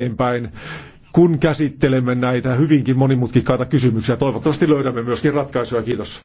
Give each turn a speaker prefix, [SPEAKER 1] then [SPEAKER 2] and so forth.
[SPEAKER 1] eteenpäin, kun käsittelemme näitä hyvinkin monimutkikkaita kysymyksiä. Toivottavasti löydämme myöskin ratkaisuja. Kiitos.